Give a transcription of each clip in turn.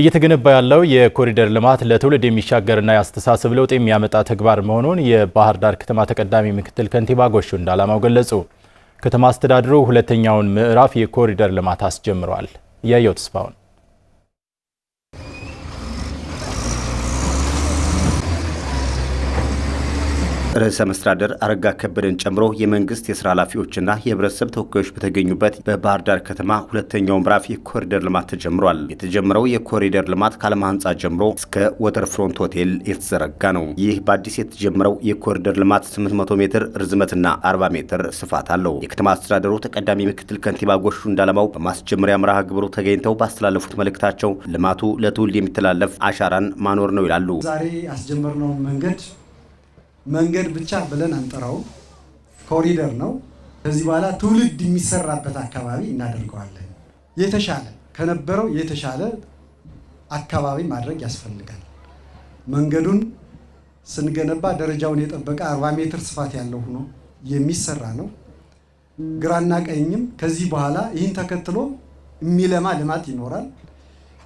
እየተገነባ ያለው የኮሪደር ልማት ለትውልድ የሚሻገርና የአስተሳሰብ ለውጥ የሚያመጣ ተግባር መሆኑን የባህር ዳር ከተማ ተቀዳሚ ምክትል ከንቲባ ጎሹ እንዳላማው ገለጹ። ከተማ አስተዳደሩ ሁለተኛውን ምዕራፍ የኮሪደር ልማት አስጀምሯል። እያየው ተስፋውን ርዕሰ መስተዳደር አረጋ ከበደን ጨምሮ የመንግስት የስራ ኃላፊዎችና የህብረተሰብ ተወካዮች በተገኙበት በባህር ዳር ከተማ ሁለተኛው ምዕራፍ የኮሪደር ልማት ተጀምሯል። የተጀመረው የኮሪደር ልማት ከአለማ ህንፃ ጀምሮ እስከ ወተር ፍሮንት ሆቴል የተዘረጋ ነው። ይህ በአዲስ የተጀመረው የኮሪደር ልማት 800 ሜትር ርዝመትና 40 ሜትር ስፋት አለው። የከተማ አስተዳደሩ ተቀዳሚ ምክትል ከንቲባ ጎሹ እንዳለማው በማስጀመሪያ መርሃ ግብሩ ተገኝተው ባስተላለፉት መልእክታቸው ልማቱ ለትውልድ የሚተላለፍ አሻራን ማኖር ነው ይላሉ። ዛሬ ያስጀመርነውን መንገድ መንገድ ብቻ ብለን አንጠራውም። ኮሪደር ነው። ከዚህ በኋላ ትውልድ የሚሰራበት አካባቢ እናደርገዋለን። የተሻለ ከነበረው የተሻለ አካባቢ ማድረግ ያስፈልጋል። መንገዱን ስንገነባ ደረጃውን የጠበቀ 40 ሜትር ስፋት ያለው ሆኖ የሚሰራ ነው። ግራና ቀኝም ከዚህ በኋላ ይህን ተከትሎ የሚለማ ልማት ይኖራል።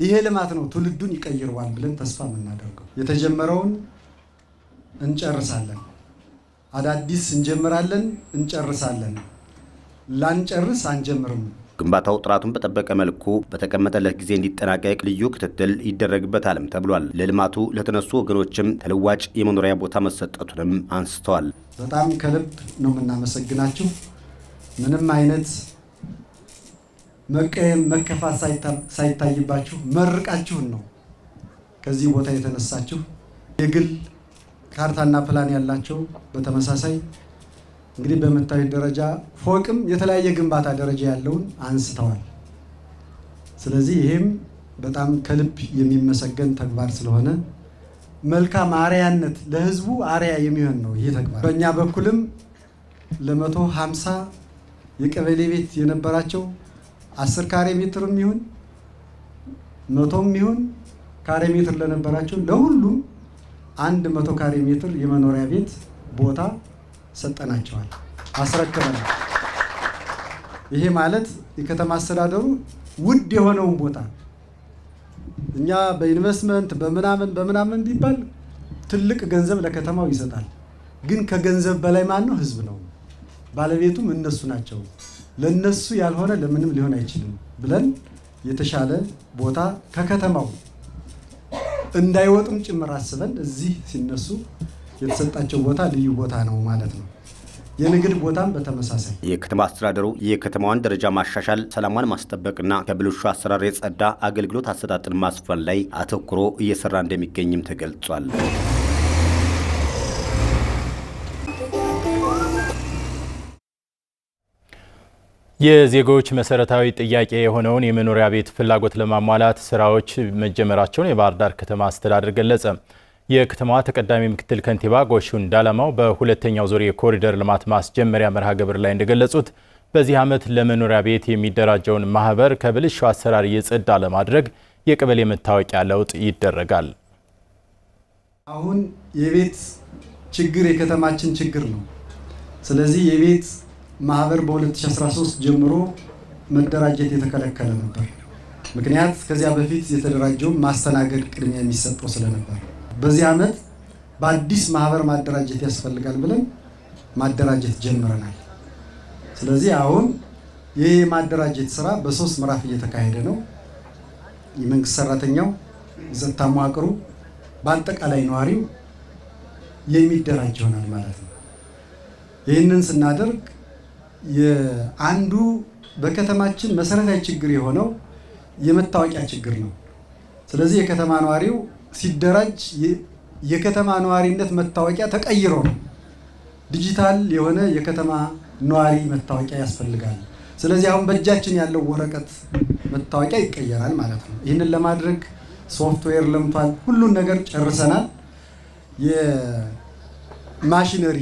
ይሄ ልማት ነው ትውልዱን ይቀይረዋል ብለን ተስፋ የምናደርገው የተጀመረውን እንጨርሳለን። አዳዲስ እንጀምራለን፣ እንጨርሳለን። ላንጨርስ አንጀምርም። ግንባታው ጥራቱን በጠበቀ መልኩ በተቀመጠለት ጊዜ እንዲጠናቀቅ ልዩ ክትትል ይደረግበታልም ተብሏል። ለልማቱ ለተነሱ ወገኖችም ተለዋጭ የመኖሪያ ቦታ መሰጠቱንም አንስተዋል። በጣም ከልብ ነው የምናመሰግናችሁ። ምንም አይነት መቀየም፣ መከፋት ሳይታይባችሁ መርቃችሁን ነው ከዚህ ቦታ የተነሳችሁ የግል ካርታና ፕላን ያላቸው በተመሳሳይ እንግዲህ በምታዩት ደረጃ ፎቅም የተለያየ ግንባታ ደረጃ ያለውን አንስተዋል። ስለዚህ ይህም በጣም ከልብ የሚመሰገን ተግባር ስለሆነ መልካም አርያነት ለህዝቡ አርያ የሚሆን ነው ይሄ ተግባር። በእኛ በኩልም ለመቶ ሀምሳ የቀበሌ ቤት የነበራቸው አስር ካሬ ሜትርም ይሁን መቶም ይሁን ካሬ ሜትር ለነበራቸው ለሁሉም አንድ መቶ ካሬ ሜትር የመኖሪያ ቤት ቦታ ሰጠናቸዋል፣ አስረክበናል። ይሄ ማለት የከተማ አስተዳደሩ ውድ የሆነውን ቦታ እኛ በኢንቨስትመንት በምናምን በምናምን ቢባል ትልቅ ገንዘብ ለከተማው ይሰጣል። ግን ከገንዘብ በላይ ማን ነው? ህዝብ ነው። ባለቤቱም እነሱ ናቸው። ለነሱ ያልሆነ ለምንም ሊሆን አይችልም ብለን የተሻለ ቦታ ከከተማው እንዳይወጡም ጭምር አስበን እዚህ ሲነሱ የተሰጣቸው ቦታ ልዩ ቦታ ነው ማለት ነው። የንግድ ቦታም በተመሳሳይ የከተማ አስተዳደሩ የከተማዋን ደረጃ ማሻሻል፣ ሰላሟን ማስጠበቅና ከብልሹ አሰራር የጸዳ አገልግሎት አሰጣጥን ማስፈን ላይ አተኩሮ እየሰራ እንደሚገኝም ተገልጿል። የዜጎች መሰረታዊ ጥያቄ የሆነውን የመኖሪያ ቤት ፍላጎት ለማሟላት ስራዎች መጀመራቸውን የባህር ዳር ከተማ አስተዳደር ገለጸ። የከተማዋ ተቀዳሚ ምክትል ከንቲባ ጎሹ እንዳላማው በሁለተኛው ዙር የኮሪደር ልማት ማስጀመሪያ መርሃ ግብር ላይ እንደገለጹት በዚህ ዓመት ለመኖሪያ ቤት የሚደራጀውን ማህበር ከብልሹ አሰራር የጸዳ ለማድረግ የቀበሌ መታወቂያ ለውጥ ይደረጋል። አሁን የቤት ችግር የከተማችን ችግር ነው። ስለዚህ የቤት ማህበር በ2013 ጀምሮ መደራጀት የተከለከለ ነበር። ምክንያት ከዚያ በፊት የተደራጀውም ማስተናገድ ቅድሚያ የሚሰጠው ስለነበር በዚህ ዓመት በአዲስ ማህበር ማደራጀት ያስፈልጋል ብለን ማደራጀት ጀምረናል። ስለዚህ አሁን ይህ የማደራጀት ስራ በሶስት ምዕራፍ እየተካሄደ ነው። የመንግስት ሰራተኛው፣ የጸጥታ መዋቅሩ፣ በአጠቃላይ ነዋሪው የሚደራጅ ይሆናል ማለት ነው። ይህንን ስናደርግ አንዱ በከተማችን መሰረታዊ ችግር የሆነው የመታወቂያ ችግር ነው። ስለዚህ የከተማ ነዋሪው ሲደራጅ የከተማ ነዋሪነት መታወቂያ ተቀይሮ ነው ዲጂታል የሆነ የከተማ ነዋሪ መታወቂያ ያስፈልጋል። ስለዚህ አሁን በእጃችን ያለው ወረቀት መታወቂያ ይቀየራል ማለት ነው። ይህንን ለማድረግ ሶፍትዌር ለምቷል። ሁሉን ነገር ጨርሰናል። የማሽነሪ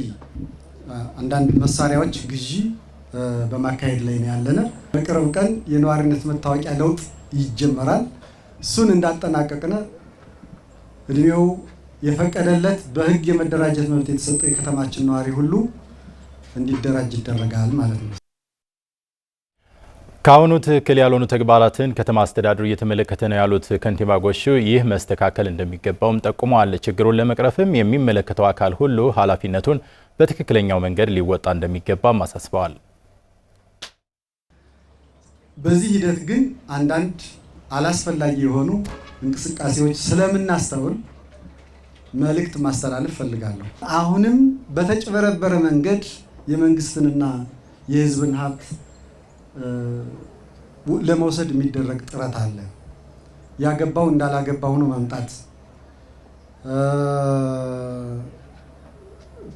አንዳንድ መሳሪያዎች ግዢ በማካሄድ ላይ ነው ያለነ። በቅርብ ቀን የነዋሪነት መታወቂያ ለውጥ ይጀመራል። እሱን እንዳጠናቀቅነ እድሜው የፈቀደለት በህግ የመደራጀት መብት የተሰጠው የከተማችን ነዋሪ ሁሉ እንዲደራጅ ይደረጋል ማለት ነው። ከአሁኑ ትክክል ያልሆኑ ተግባራትን ከተማ አስተዳደሩ እየተመለከተ ነው ያሉት ከንቲባ ጎሹ፣ ይህ መስተካከል እንደሚገባውም ጠቁመዋል። ችግሩን ለመቅረፍም የሚመለከተው አካል ሁሉ ኃላፊነቱን በትክክለኛው መንገድ ሊወጣ እንደሚገባም አሳስበዋል። በዚህ ሂደት ግን አንዳንድ አላስፈላጊ የሆኑ እንቅስቃሴዎች ስለምናስተውል መልእክት ማስተላለፍ ፈልጋለሁ። አሁንም በተጭበረበረ መንገድ የመንግስትንና የህዝብን ሀብት ለመውሰድ የሚደረግ ጥረት አለ። ያገባው እንዳላገባው ነው መምጣት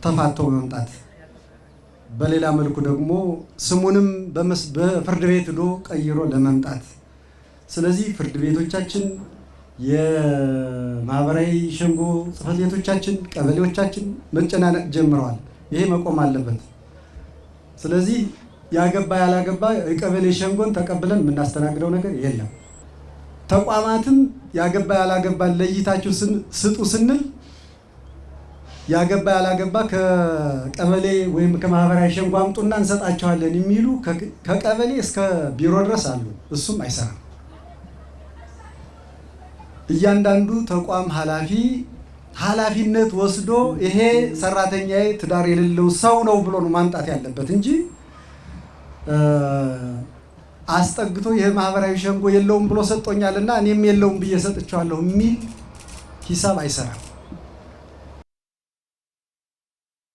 ተፋቶ መምጣት በሌላ መልኩ ደግሞ ስሙንም በፍርድ ቤት ዶ ቀይሮ ለመምጣት ስለዚህ ፍርድ ቤቶቻችን፣ የማህበራዊ ሸንጎ ጽህፈት ቤቶቻችን፣ ቀበሌዎቻችን መጨናነቅ ጀምረዋል። ይሄ መቆም አለበት። ስለዚህ ያገባ ያላገባ የቀበሌ ሸንጎን ተቀብለን የምናስተናግደው ነገር የለም። ተቋማትም ያገባ ያላገባ ለይታችሁ ስጡ ስንል ያገባ ያላገባ ከቀበሌ ወይም ከማህበራዊ ሸንጓምጡና እንሰጣቸዋለን የሚሉ ከቀበሌ እስከ ቢሮ ድረስ አሉ። እሱም አይሰራም። እያንዳንዱ ተቋም ኃላፊ ኃላፊነት ወስዶ ይሄ ሰራተኛዬ ትዳር የሌለው ሰው ነው ብሎ ነው ማምጣት ያለበት እንጂ አስጠግቶ ይህ ማህበራዊ ሸንጎ የለውም ብሎ ሰጥቶኛልና እኔም የለውም ብዬ ሰጥቼዋለሁ የሚል ሂሳብ አይሰራም።